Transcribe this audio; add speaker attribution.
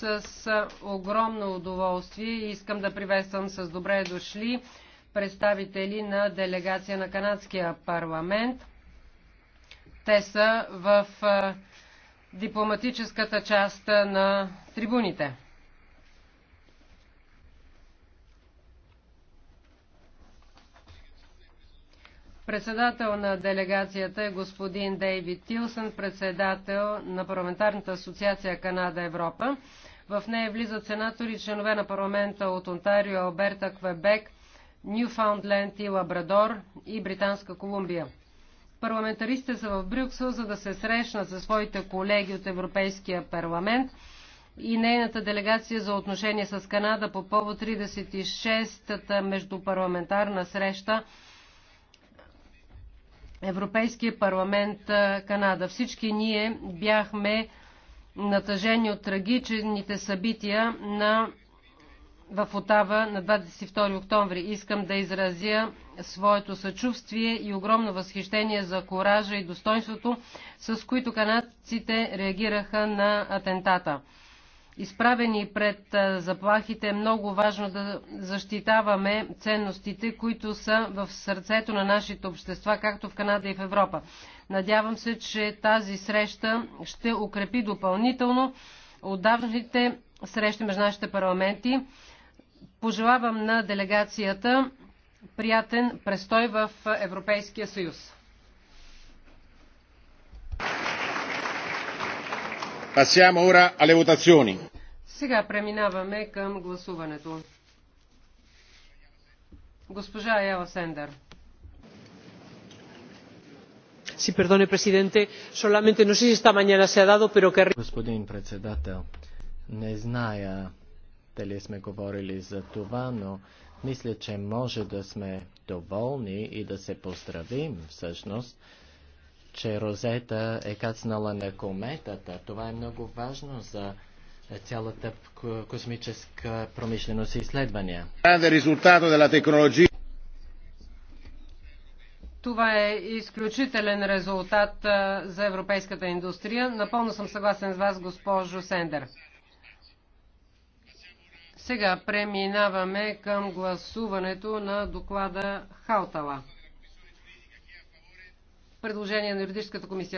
Speaker 1: с огромно удоволствие и искам да приветствам с добре дошли представители на делегация на Канадския парламент. Те са в дипломатическата част на трибуните. Председател на делегацията е господин Дейвид Тилсън, председател на Парламентарната асоциация Канада-Европа. В нея влизат сенатори и членове на парламента от Онтарио, Алберта, Квебек, Нюфаундленд и Лабрадор и Британска Колумбия. Парламентаристите са в Брюксел, за да се срещнат със своите колеги от Европейския парламент и нейната делегация за отношение с Канада по повод 36-та междупарламентарна среща Европейския парламент Канада. Всички ние бяхме натъжени от трагичните събития на в Отава на 22 октомври. Искам да изразя своето съчувствие и огромно възхищение за коража и достоинството, с които канадците реагираха на атентата изправени пред заплахите, е много важно да защитаваме ценностите, които са в сърцето на нашите общества, както в Канада и в Европа. Надявам се, че тази среща ще укрепи допълнително отдавните срещи между нашите парламенти. Пожелавам на делегацията приятен престой в Европейския съюз.
Speaker 2: Passiamo ora alle votazioni.
Speaker 1: Сега преминаваме към гласуването. Госпожа Аяла Сендер.
Speaker 2: Sí, perdone, presidente. Solamente no sé si esta mañana se ha dado, pero que... Господин председател, не зная дали сме говорили за това, но мисля, че може да сме доволни и да се поздравим всъщност че Розета е кацнала на кометата. Това е много важно за цялата космическа промишленост и изследвания.
Speaker 1: Това е изключителен резултат за европейската индустрия. Напълно съм съгласен с вас, госпожо Сендер. Сега преминаваме към гласуването на доклада Хаутала предложение на юридическата комисия.